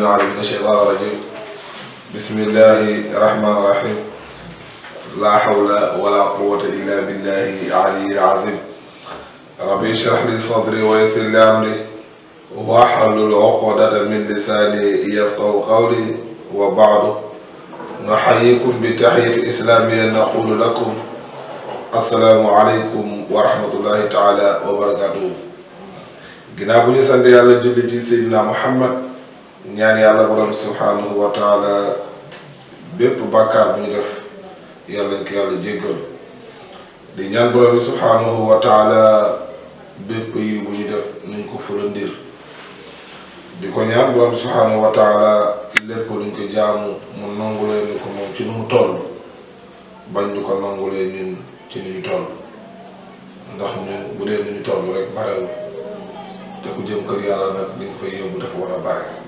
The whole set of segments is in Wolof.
من العالمين الشيطان الرجيم بسم الله الرحمن الرحيم لا حول ولا قوة إلا بالله العلي العظيم ربي اشرح لي صدري ويسر لي أمري واحلل عقدة من لساني يفقه قولي وبعد نحييكم بتحية إسلامية نقول لكم السلام عليكم ورحمة الله تعالى وبركاته ginnaaw bu ñu sant yàlla julli ci seydina muhammad ñaan yàlla borom subhanahu wa taala bépp bàkkaar bu ñu def yàlla nañ ko yàlla jéggal di ñaan borom subhanahu wa bépp yi bu ñu def nuñ ko fulandir di ko ñaan borom subhanahu wa lépp luñ ko jaamu mu nangulee ñu ko moom ci nu mu toll bañ ñu ko nangulee ñun ci ni ñu toll ndax ñun bu dee ni ñu toll barewul te ku jëm kër yàlla nag li nga fay yóbbu dafa war a bare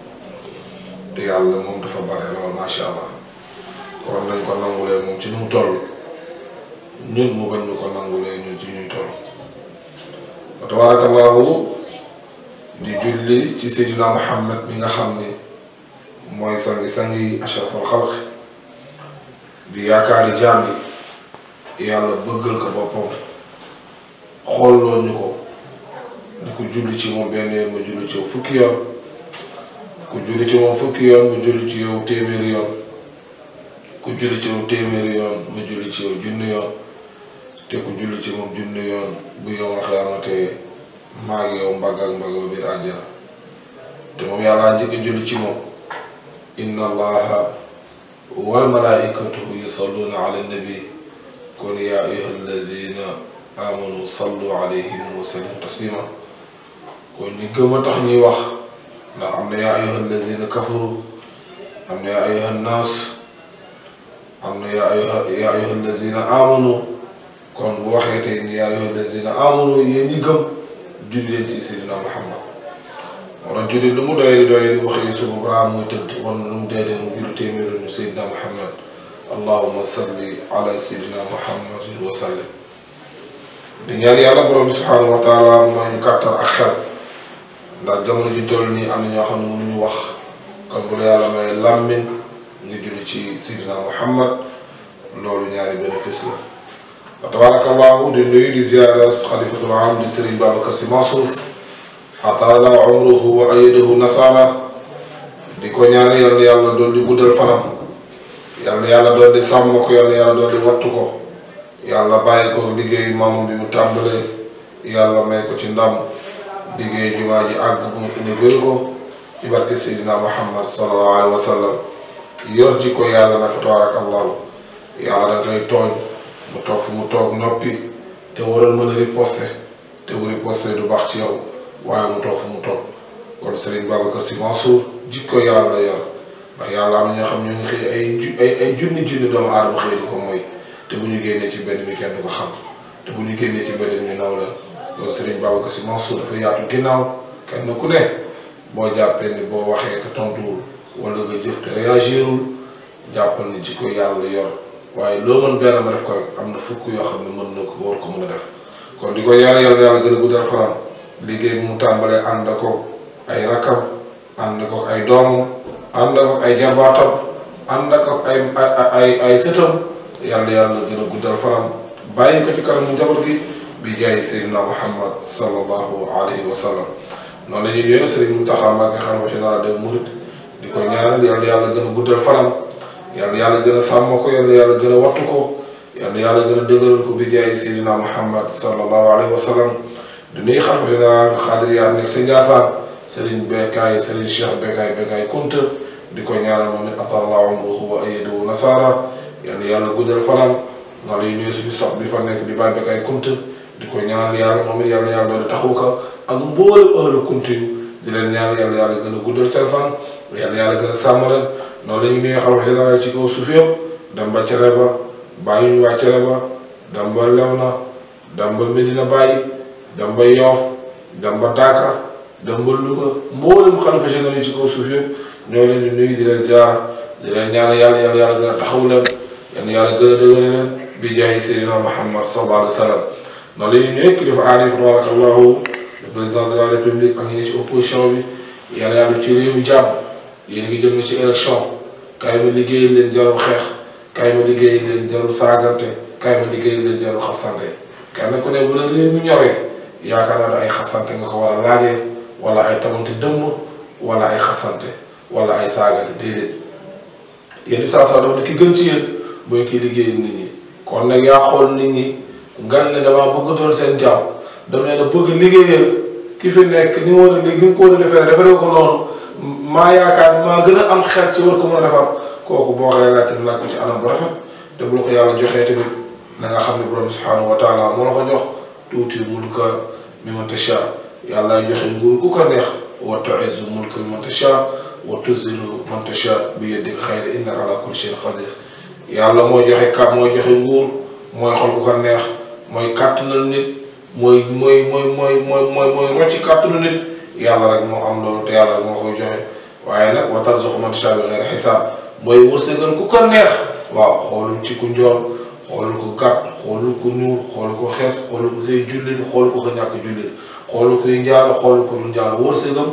te yàlla moom dafa bare lool macha allah kon nañ ko nangulee moom ci nu mu toll ñun mu bañ ñu ko nangulee ñun ci ñuy toll wa di julli ci seydina muhammad bi nga xam ni mooy sangi sangi ashraful xalq di yaakaari jaam yi yàlla bëggal ko boppam xool loo ñu ko di ko julli ci moom benn yoon ma julli ci fukki yoon ku julli ci moom fukki yoon mu julli ci yow téeméeri yoon ku julli ci yow téeméeri yoon mu julli ci yow junni yoon te ku julli ci moom junni yoon bu yow xiyaamatee maa ngi yow mbagg ak mbagg ba te moom yàlla njëkk a julli ci moom inna allaha wal malaikatuhu yusalluna ala nabi kon yaa ayuha allazina amanu sallu alayhim wa sallim taslima kon ñu gëm tax ñuy wax ndax am na yaa ayuha allazina kafaru am na yaa ayuha nnaas am na yaa ayuha yaa ayuha allazina amanu kon bu waxee tey ni yaa ayuha allazina amanu yéen ñi gëm julli leen ci seydina Muhammad moo tax julli lu mu doyee doyee bu xëyee suba balaa muy tëdd wala lu mu dee dee mu julli téeméeri nu seydina Muhammad allahumma salli ala seydina Muhammad wa sallim di ñaan yàlla borom subhanahu wa taala moo ñu kàttan ak xel. ndax jamono ji toll nii am na ñoo xam ne mënuñu wax kon bu la may làmmiñ nga julli ci sidina muhammad loolu ñaari bénéfice wa tabarakallahu di nuyu di ziara xalifatul am di sëriñ babacar si mansour atala umruhu wa ayadahu nasara di ko ñaan yal na yàlla doon di guddal fanam yal na yàlla doon ko yal na yàlla doon di wattu ko yàlla bàyyi ko liggéey maamam bi mu tàmbalee yàlla may ko ci ndam liggéey jumaa ji àgg bu mu indi gëru ko ci barke Seydina Muhammad sallallahu alayhi wa sallam yor ji ko yàlla naka tabaarakallahu yàlla nag tooñ mu toog fu mu toog noppi te waroon mën a riposte te bu riposte du baax ci yow waaye mu toog fu mu toog kon Serigne Babacar Sy Mansour jikko yàlla yor ndax yàlla am ñoo xam ñoo ngi xëy ay junni junni doomu aadama xëy di ko mooy te bu ñu génnee ci mbedd mi kenn du ko xam te bu ñu génnee ci mbedd mi ñu loolu Serigne Babacar Sy Mansour dafa yaatu ginnaaw kenn ku ne boo jàppee ni boo waxee te tontuwul wala nga jëf te réagirul jàppal ni jikko yàlla waaye loo mën def ko rek na fukk yoo xam ne mën na ko ba ko mën a di ko yàlla yàlla yàlla gën a guddal fanam liggéey bi mu tàmbalee ànd ko ay rakam ànd ko ay doomam ànd ko ay jarbaatam ànd ay ay ay sëtam yàlla yàlla gën a guddal fanam bàyyi ko ci kanam mu njaboot bi jaay Seydina Muhammad sallallahu alayhi wa sallam noonu la ñuy nuyoo Serigne Mountakha Mbacké xalifa général des mourides di ko ñaanal yàlla yàlla gën a guddal fanam yàlla yàlla gën a sàmm ko yàlla yàlla gën a wattu ko yàlla yàlla gën a dëgëral ko bi jaay Seydina Muhammad sallallahu alayhi wa sallam di nuyu xalifa général Xaadiriyya nekk ca Ndiassane Serigne Bekkaay Serigne Cheikh Bekkaay Bekkaay Kunta di ko ñaanal moom it atallahu umruhu wa ayyadahu nasara yàlla yàlla guddal fanam noonu la ñuy nuyu suñu sox bi fa nekk di Baye Bekkaay Kunta di ko ñaan yàlla moom it yàlla yàlla doon taxawu ko ak mboolem ahlu Kuntiyu di leen ñaan yàlla yàlla gën a guddal seen fan yàlla yàlla gën a sàmm leen noonu la ñu nuyoo xalifa général ci kaw suuf yëpp dem ba Cere ba bàyyi ñu waa Cere ba dem ba Léona dem ba Medina Baye dem ba Yoff dem ba Daaka dem ba Louga mboolem xalifa général yi ci kaw suuf yëpp ñoo leen di nuyu di leen ziara di leen ñaan yàlla yàlla yàlla gën a taxawu leen yàlla yàlla gën a dëgëral leen bi jaay Seydina Muhammad sallallahu alayhi wa sallam noonu la ñuy ñëwee kilifa aada yi fa tabarakallahu président de la république ak ne ci opposition bi yàlla yàlla ci réew jàmm yéen a ngi jëm ci élection kaay ma liggéey leen jarul xeex kaay ma liggéey leen jarul saagante kaay ma liggéey leen jarul xasante kenn ku ne bu la réew mi ñoree yaakaar naa ne ay xasante nga ko war a laajee wala ay tamante dëmm wala ay xasante wala ay saagante déedéet yéen i saa saa dafa ne ki gën liggéey nit ñi gan ne damaa bëgg doon seen jaaw dama ne da bëgg liggéeyal ki fi nekk ni mu war a li mu ko war a defee defaree ko noonu maa yaakaar maa gën a am xel ci war ko mën a kooku boo xoolee laajte laaj ko ci anam bu rafet te bu la ko yàlla joxee tamit na nga xam ne borom subhanahu wa taala la ko jox tuuti mulka mimman tasha yàlla joxe nguur ku ko neex wa tu'izzu mulka mimman tasha wa bi yadika xayr innaka ala kulli shay'in qadir yàlla mooy joxe kàddu mooy joxe nguur mooy xol ku ko neex. mooy kàttanal nit mooy mooy mooy mooy mooy mooy mooy rocci kàttanu nit yàlla rek moo xam loolu te yàlla rek moo koy joxe waaye nag wa tarzuqu man tashaa'u bi ghayri hisaab mooy wërsëgal ku ko neex waaw xoolul ci ku njool xoolul ko gàtt ko xees xoolul ko koy jullit xoolul ko ko ñàkk jullit xoolul koy njaalo xoolul ko du njaalo wërsëgam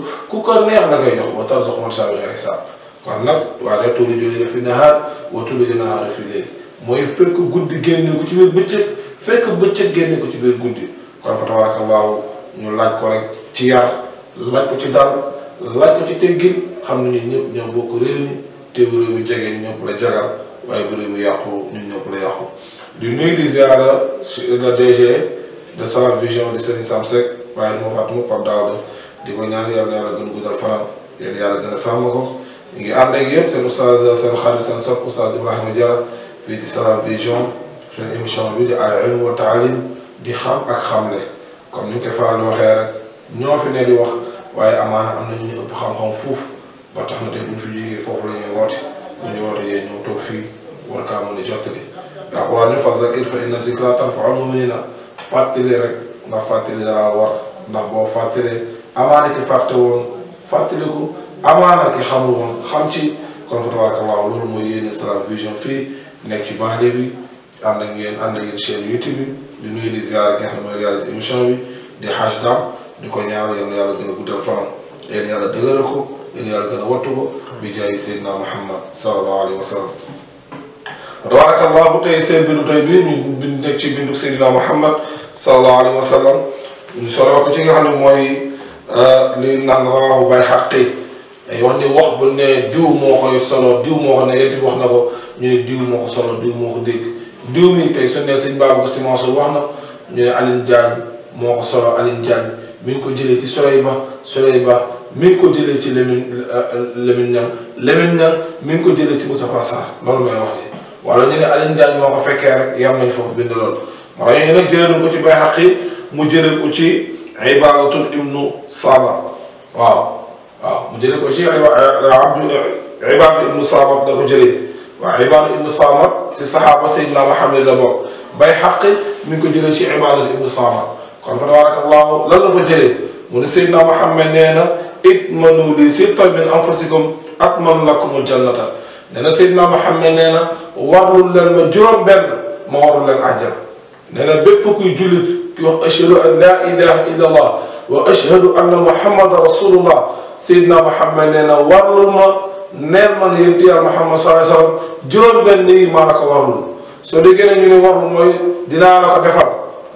wa fi n mooy fekk guddi génne ko ci biir bëccëg fekk bëccëg génne ko ci biir guddi kon fa tabaarakallaahu ñu laaj ko rek ci yar laaj ko ci dal laaj ko ci teggin xam ne ñu ñëpp ñoo bokk réew mi te réew mi jege ñu ñëpp la jagal waaye bu réew mi yàqu ñun ñëpp la yàqu di nuyu di ziara le DG de Salam Vision di Serigne Sam Seck waaye du ma fàtte mu Pape Daouda di ko ñaan yàlla na yàlla gën a guddal fanaan yéen yàlla gën a sàmm ko ñu ngi ànd ak yéen seen oustaz seen xarit seen sopp oustaz Ibrahima Diarra fii ci seen émission bi di al ilm taalim di xam ak xamle comme ni ñu koy faral ñoo fi ne di wax waaye amaana am na ñu ñu ëpp xam-xam fuuf ba tax na tey fi jógee foofu la ñuy woote bu ñu woote yee ñëw toog fii war kaa mën a jottali daa Quraan ni fazakir fa inna zikraa tanfa'ul mu'miniina fàttali rek nga fàttali dalaa war ndax woon xam ci kon fa tabaaraka Allaahu loolu mooy yéene Salam Vision fii nekk ci banlieue bi. ànd ak yéen ànd ak yéen chaîne YouTube bi di nuyu di ziar ki nga xam ne mooy réaliser émission bi di xaaj dam di ko ñaanal yal na yàlla gën a guddal fanam yal na yàlla dëgëral ko yal na yàlla gën a wattu ko bi jaay Seydina Muhammad sallallahu alayhi wa sallam tabarakallahu tey seen bindu tey bii ñu bind nekk ci bindu Seydina Muhammad sallallahu alayhi wa sallam ñu soroo ko ci nga xam ne mooy euh, li naan rawaahu bay xaqi day wax ni wax bu ne diw moo koy solo diw moo ko ne yéen wax na ko ñu ne diw moo ko solo diw moo ko dégg. juum yi tey soo nee sëñ Babacar Sy Mansour wax na moo ko solo Alioune Diagne ko jëlee ci Soleil Ba Soleil Ba mi ngi ko jëlee ci Lamine euh, Lamine Niang Lamine Niang mi ko jëlee ci Moustapha Sarr loolu mooy wax ji wala ñu ne Alioune moo ko fekkee rek yam foofu bind loolu wala ñu nag jëlee ko ci Bayhaqi mu jëlee ko ci Ibaaratul Ibnu Saba waaw waaw mu jëlee ko ci Ibaaratul Ibnu Saba da ko jëlee. waaw Ibaad ibnu Saamat si saxaaba Seydina Muhammad la bokk bay xaq mi ngi ko jëlee ci Ibaad ibnu Saamat kon fa tabaarakallaahu lan la ko jëlee mu ne Seydina Muhammad nee na itmanu li sittan min anfusikum atman lakumul jannata nee na Seydina Muhammad nee na warul leen ma juróom-benn ma warul leen àjjana nee na bépp kuy jullit ki wax ashhadu an laa ilaaha illallaah wa ashhadu anna Muhammadan rasuulullaah Seydina Muhammad nee na warul ma. neel man yénti yàlla Muhammad sallallahu alayhi wasallam maa la ko warul soo déggee ne ñu ne warul mooy dinaa la ko defal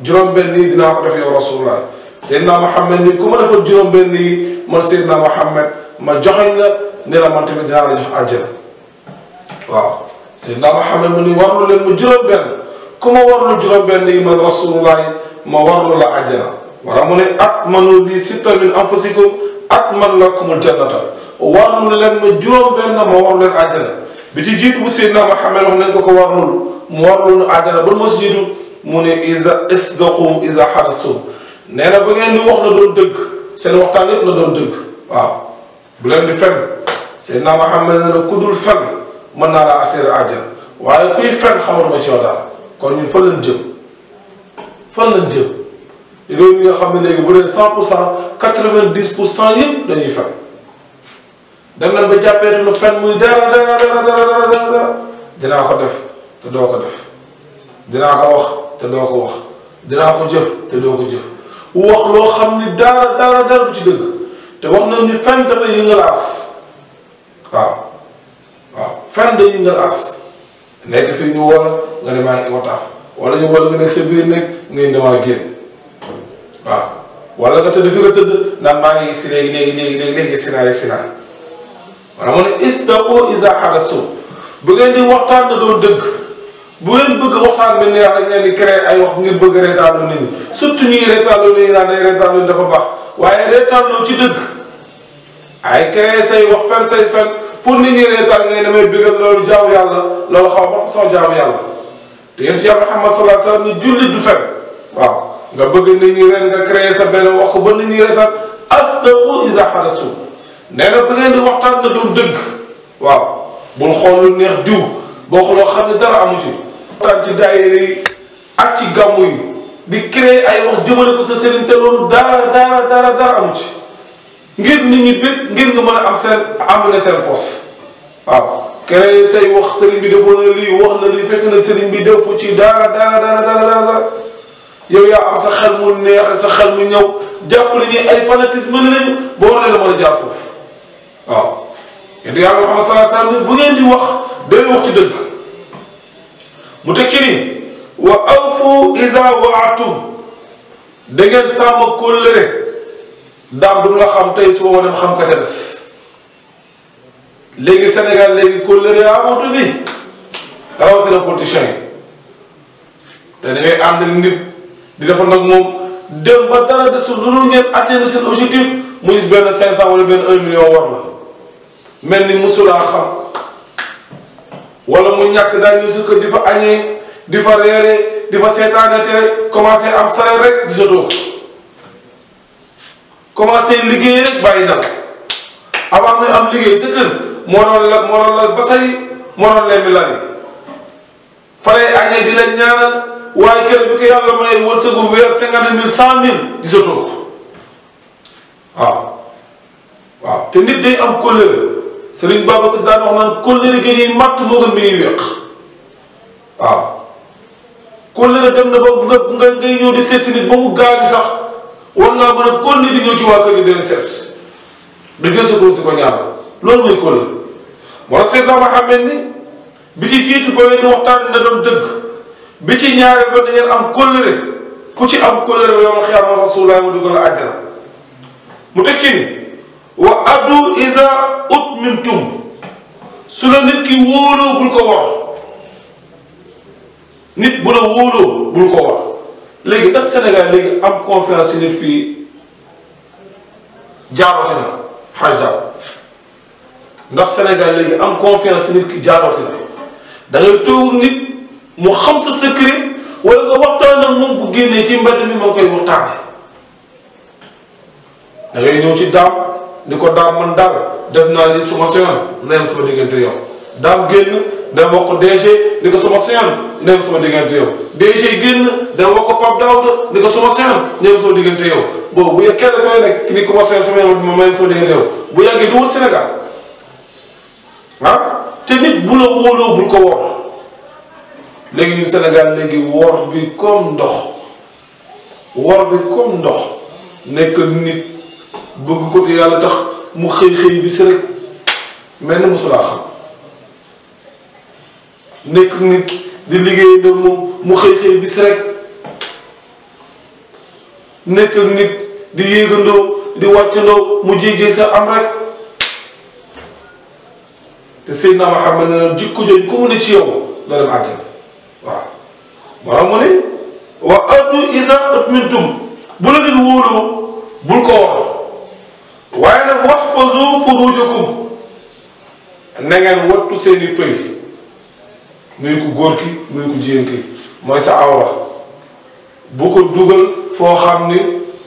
juróom-benn yi dinaa ko def yow rasulullah Seydina Muhammad ni ku ma defal juróom-benn yi man Seydina Muhammad ma joxoñ la ne la man tamit dinaa la jox àjjana waaw Seydina Muhammad mu ni warlu leen mu juróom-benn ku ma warlu juróom-benn man rasulullah ma warlu la àjjana wala mu ne at di sittan min anfusikum at man lakumul jannata warlu na leen ma juróom benn ma warlu leen àjjana bi ci jiitu bu Seydina Muhammad wax nañ ko ko warlul mu warlu nu àjjana ba moo si jiitu mu ne isa isdaqu isa xarastum nee na ba ngeen di wax na doon dëgg seen waxtaan yëpp na doon dëgg waaw bu leen di fen Seydina Muhammad nee ku dul fen mën naa laa asseere àjjana waaye kuy fen xamal ma ci yow daal kon ñun fan lañ jëm fan lañ jëm réew yi nga xam ne léegi bu leen cent pour cent quatre vingt pour cent yëpp dañuy fen dem nañ ba jàppeetu lu fen muy dara dara dara dara dara dinaa ko def te doo ko def dinaa ko wax te doo ko wax dinaa ko jëf te doo ko jëf wax loo xam ni dara dara dara du ci dëgg te wax nañ ni fen dafa yëngal aas waaw waaw fen da yëngal aas nekk fii ñu woo la nga ne maa ngi wataaf wala ñu woo la nga nekk sa biir nekk ngay damaa génn waaw wala nga tëdd fi nga tëdd naan maa ngi si léegi léegi léegi léegi léegi si naa yegg si naa maanaam mu ne istawoo iza xarastum bu ngeen di waxtaan da doon dëgg bu ngeen bëgg waxtaan bi neex rek ngeen di créer ay wax ngir bëgg reetaanlu nit ñi surtout ñuy reetaanlu nit ñi naan day reetaanlu dafa baax waaye reetaanlu ci dëgg ay créer say wax fen say fen pour nit ñi reetaan ngay damay bëggal loolu jaamu yàlla loolu xaw ma façon jaamu yàlla te yéen ci yàlla Muhammad sallallahu alayhi wasallam ni jullit du fen waaw nga bëgg nit ñi ren nga créer sa benn wax ko ba nit ñi reetaan astawoo iza xarastum nee na ba ngeen di waxtaan na doomu dëgg waaw bul xool lu neex diw boo xuloo xam ne dara amu ci ci daayira yi ak ci gàmmu yi di créer ay wax jëmale ko sa sëriñ te loolu dara amu ci ngir nit ñi bépp ngir nga mën a am seen am na seen poos waaw créer say wax sëriñ bi defoon na lii wax na lii fekk na sëriñ bi defu ci dara dara dara dara dara yow yaa am sa xel mu neex sa xel mu ñëw jàpp nañu ay fanatisme lañu boo war leen mën a jaar foofu waaw yéen yàlla Muhammad bu ngeen di wax day wax ci dëgg mu teg ci ni wa awfu iza wa'atum da ngeen sàmm kóllëre daam du la xam tey suba ma dem xam ka ca des léegi Sénégal léegi kóllëre amatu fi rawatina politiciens yi te da ngay ànd nit di defa nag moom dem ba dara desul lu dul ngeen atteindre seen objectif mu gis benn 500 wala benn 1 million war la. mel ni musulaa xam wala mu ñàkk daal ñu sukk di fa añee di fa reeree di fa seetaanate rek commencé am salaire rek gisatoo commencé liggéey rek bàyyi na la avant muy am liggéey sa kër moo la moo doon lal basay moo doon mi lali añee di leen waaye kër bi ko yàlla may wërsëgu weer cinquante mille cent mille gisatoo ko waaw waaw te nit day am couleur Sëriñ Baba bis daan wax naan kóllëre gi ñuy matt moo gën bi ñuy wéq waaw kóllëre dem na ba nga nga ngay ñëw di seet si nit ba mu gaañu sax war ngaa mën a kóllëre di ñëw ci waa kër gi di seet da jël sa góor si ko ñaanal loolu mooy kóllëre moo tax seet naa bi ci jiitu ba ngeen di waxtaan na doon bi ci ñaareel am ku ci am kóllëre ba yow ma la mu teg ci ni wa addu isa ut mintum su la nit ki wóoloo bul ko wor nit bu la wóoloo bul ko wor léegi ndax Sénégal léegi am confiance ci nit fii jaaroote na xaaj ndax Sénégal léegi am confiance ci nit ki jaaroote na da ngay nit mu xam sa secret wala nga waxtaan ak moom bu génnee ci mbedd mi ma koy waxtaane da ngay ñëw ci daam ni ko daam man daal def naa ni suma seyoon na yem sama diggante yow daam génn dem wax ko DG ni ko suma seyoon na yem sama diggante yow DG génn dem wax ko Pape Daouda ni ko suma seyoon na yem sama diggante yow boobu bu yàggee kenn koy nekk ni ko ma seyoon sama bu yàggee du wër Sénégal ah te nit bu la wóoloo bul ko wor léegi ñun Sénégal léegi wor bi comme ndox wor bi comme ndox nekk nit. bëgg ko te yàlla tax mu xëy xëy bi rek mel na mosulaa xam nekk nit di liggéey moom mu xëy xëy bi rek nekk nit di yéegandoo di wàccandoo mu jéejee sa am rek te Seydina Muhammad ne na jikko jooju ku mu ne ci yow nga dem àjjana waaw maanaam mu ne wa addu iza atmintum bu la nit wóoloo bul ko war nag waxfazu furujakum na ngeen wattu seeni pëy muy ko góor ki muy ko jigéen ki mooy sa awra bu ko dugal foo xam ni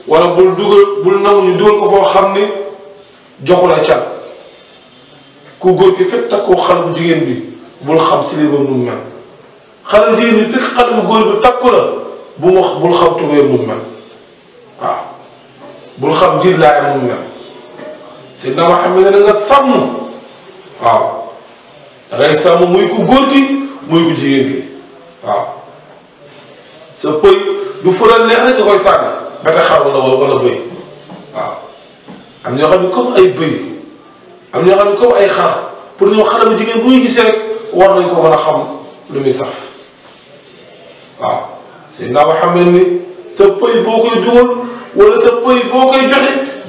wala bul dugal bul nangu ñu dugal ko foo xam ni joxula can ku góor ki fekk takkoo xalum jigéen bi bul xam si lii ba mu mel xalum jigéen bi fekk xalum góor bi takku la bu mu bul xam tubéy mu mel waaw bul xam jiir laay mu mel Seydina Muhammad ne da nga sàmm waaw da ngay sàmm muy ku góor gi muy ku jigéen gi waaw sa pëy du fural neex rek nga koy sànni ba te xar wala wala bëy ñoo xam ne comme ay bëy am ñoo xam xar pour jigéen bu ñu gisee war nañ ko mën a xam lu muy saf waaw Seydina Muhammad ni sa pëy boo koy dugal wala sa pëy boo koy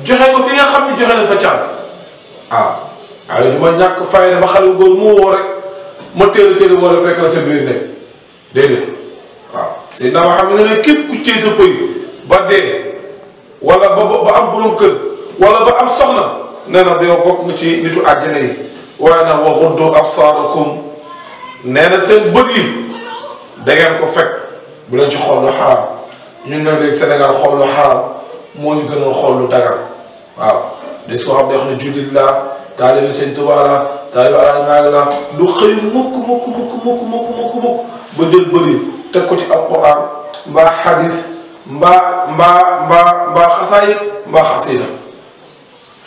joxe ko fi nga xam ne joxe nañ fa caal ah waaye du ma ñàkk fayda ba xale góor moo woo rek ma teel a teel a woo fekk la sa xam ne ne képp ku cee sa pëy ba dee wala ba ba am borom kër wala ba am soxna nee na dayoo bokk nga ci nitu àjjana yi waaye nag wa xuddu absaarakum nee na seen bët yi da ko fekk bu leen ci xool lu ñu ñun nag léegi Sénégal xool lu xaraam moo ñu gënal xool lu dagal waaw des ko xam ne xam ne jullit laa taalibe Sëñ Tuubaa laa taalibe Alaaji Maalik laa du xëy mukk mukk mukk mukk mukk mukk mukk ba jël bëri teg ko ci alquran mbaa xadis mbaa mbaa mbaa mbaa xasaay mbaa xasida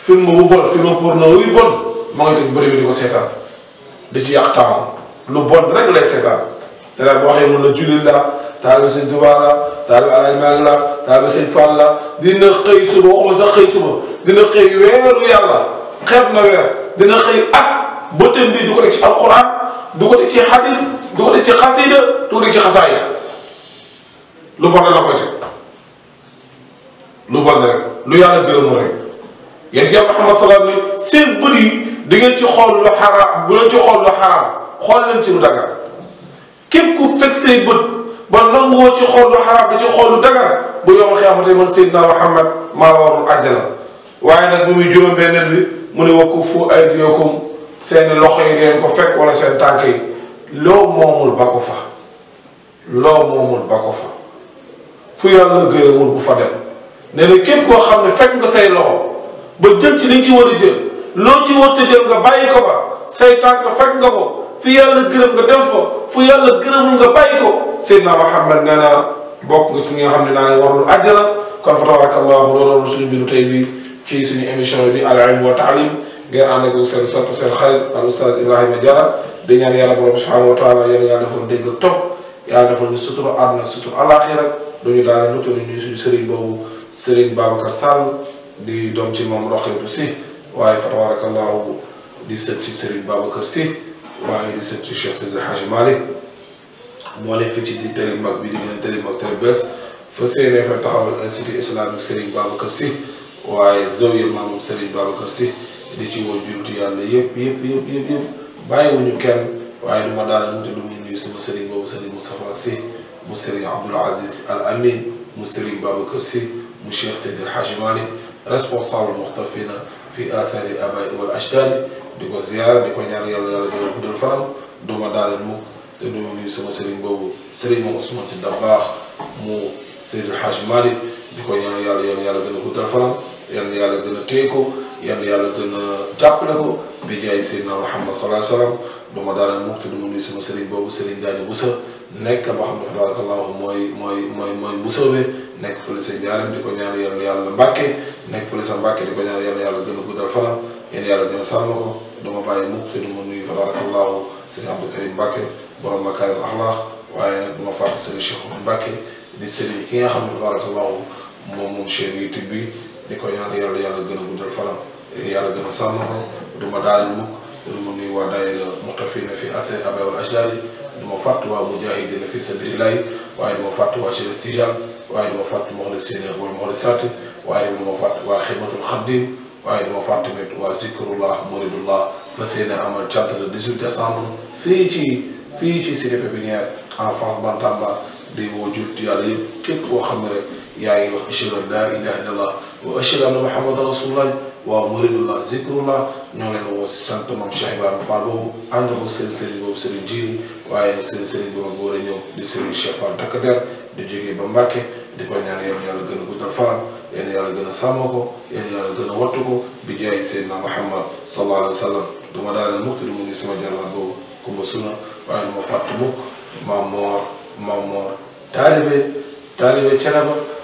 film bu bon film porno wuy bon moo ngi teg bëri bi di ko seetaan di ci yàq taamu lu bon rek lay seetaan te daal boo waxee mun la jullit laa taalibe Sëñ Tuubaa laa taalibe Alaaji Maalik laa taalibe Sëñ Fall laa dina xëy suba waxuma sax xëy suba dina xëy weeru yàlla xeeb na weer dina xëy at bëtëm bi du ko teg ci alquran du ko teg ci hadis ko teg ci xasida du ko teg ci xasaaya lu bon la koy lu bon rek lu yàlla gërëmoo rek yéen ci yàlla Muhammad salaam ni seen bët yi di ngeen ci xool lu xaraam bu leen ci xool lu xaraam xool leen ci lu dagar képp ku fekk say bët ba ci xool lu xaraam bu ci xool lu dagar bu yow ma xiyaamatee man Seydina Muhammad maa la warul àjjana waaye nag bu muy juróom-benneel bi mu ne wakku fu aydiyakum seeni loxo yi ngeen ko fekk wala seen tànk yi loo moomul ba ko fa loo moomul ba ko fa fu yàlla gërëmul bu fa dem nee na képp koo xam ne fekk nga say loxo ba jël ci li ci war a jël loo ci war a jël nga bàyyi ko ba say tànk fekk nga ko fu yàlla gërëm nga dem fo fu yàlla gërëmul nga bàyyi ko Seydina Muhammad nee na bokk nga ci ñi nga xam ne naa ne warul àjjana kon fa tabaraka allahu loolu ci suñu émission bi al ilm wa taalim ngeen ànd ak seen sopp seen xarit al oustaz Ibrahima Diarra di ñaan yàlla borom subhanahu wa taala yéen yàlla defal dégg ak topp yàlla defal ñu sutura àdduna sutura alaxira duñu daane lu tollu ñu suñu sëriñ boobu sëriñ Babacar Sall di doom ci moom Roqeetu si waaye fa tabarakallahu di sët ci sëriñ Babacar si waaye di sët ci Cheikh Seydi Hadji Malick moo leen fi ci di télé mag bi di gën a télé mag télé bés fa seenee fa taxawal institut islamique sëriñ Babacar si waaye zawiya maam Serigne Babacar Sy di ci woo jullitu yàlla yëpp yëpp yëpp yëpp yëpp bàyyiwuñu kenn waaye duma daanante lu muy nuyu sama Serigne boobu Serigne Moustapha Sy mu Serigne Abdoul Aziz Al Amin mu Serigne Babacar Sy mu Cheikh Seydi El Hadji Malick responsable muxtafina fi asari abaay wal ajdaadi di ko ziyaara di ko ñaan yàlla yàlla gën a guddal fanam duma daaneel mukk te duma nuyu sama Serigne boobu Serigne moom Ousmane Sy Dabakh mu Seydi El Hadji Malick di ko ñaan yàlla yàlla yàlla gën a guddal fanam yal na yàlla gën a téye ko yal yàlla gën a jàppale ko bi jaay Seydina Muhammad sallallahu alayhi wa sallam duma daaneel mukk te duma nuyu sama sëriñ boobu sëriñ Diagne Boussa nekk ba xam ne fa tabaarakallahu mooy mooy mooy mooy Mboussobé nekk fële sa njaaram di ko ñaan yal na yàlla Mbàkke nekk fële sa Mbàkke di ko ñaan yal gën a guddal fanam yal na yàlla gën a sàmm ko duma bàyyi mukk te duma nuyu fa tabaarakallahu sëriñ Abdou Karim Mbàkke borom makaarim axlaax waaye nag duma fàtte sëriñ Cheikh di sëriñ ki nga xam ne fa tabaarakallahu moom bi di ko ñaan yàlla yàlla gën a guddal faram yàlla gën a sàmm ko du ma daal mukk dina ma nuyu waa daayira fi ase abay wal ashari du ma fàtt waa mujahidina fi sabilillahi waaye du ma fàtt waa Cheikh Tidiane waaye du ma fàtt muxlisina wal muxlisaat waaye du ma fàtt waa waaye du ma fàtt tamit waa zikrullah muridullah fa seen amal cant le 18 décembre fii ci fii ci cité fi en face Bantamba di woo jut yàlla yëpp képp koo xam ne rek yaa ngi wax ashhadu an laa ilaaha illallaah wa ashhadu anna muhammadan rasulullah waaw muridullah zikrullah ñoo leen woo si sant moom Cheikh Ibrahima Fall boobu ànd ko seen sëriñ boobu sëriñ waaye nag seen sëriñ boobu boo ñëw di sëriñ Cheikh Fall takk der di jógee ba Mbàkke di ko ñaan yéen yàlla gën a guddal fanam yéen yàlla gën a sàmm ko yéen yàlla gën a wattu ko bi jaay Seydina Muhammad sallallahu alayhi wa sallam du ma daaneel mukk di mu ngi sama jarwaat boobu kumba suna waaye du ma fàtte mukk ma moor maam moor taalibe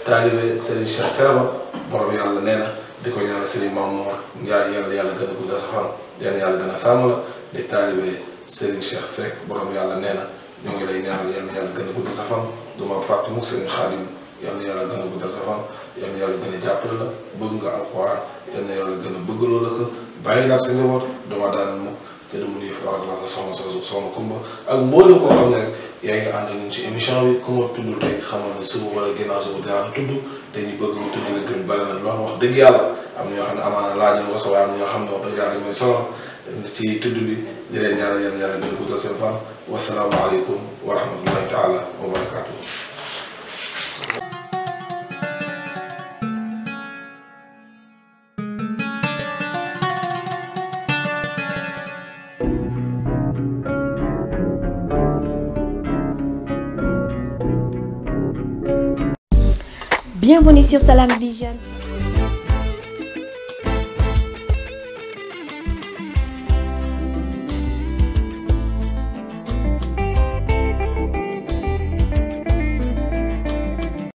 taalibe Serigne Cheikh Thiénaba borom yàlla nee na di ko ñaanal Serigne Mamour Ndiaye yàlla gën a gudd sa fan yàlla gën a sàmm la di taalibe Serigne Cheikh Seck borom yàlla nee na ñoo ngi lay ñaanal yéen yàlla gën a gudd sa fan du ma fàtte mu Serigne Khadim yéen yàlla gën a gudd sa fan yéen yàlla gën a jàppale la bëgg nga alxuraan yéen yàlla gën a bëggaloo la ko bàyyi laa sa njaboot dama daan mu. te dama nuyu Fapal ak sa soxna sa soxna Kumba ak mboolem koo xam ne rek yaa ngi ànd ngeen ci émission bi ku ma tudd tey xamal ne suba wala ginnaaw suba gannaaw tudd te ñu bëgg mu tudd la gën bari na lool wax dëgg yàlla am na ñoo xam ne amaana laaj na ko sa waaye am na ñoo xam ne wax dëgg yàlla dañ may sonal ci tudd bi di leen ñaanal yàlla yàlla gën a guddal seen fan wasalaamaaleykum wa rahmatullahi taala wa barakaatu. sur Salam Vision.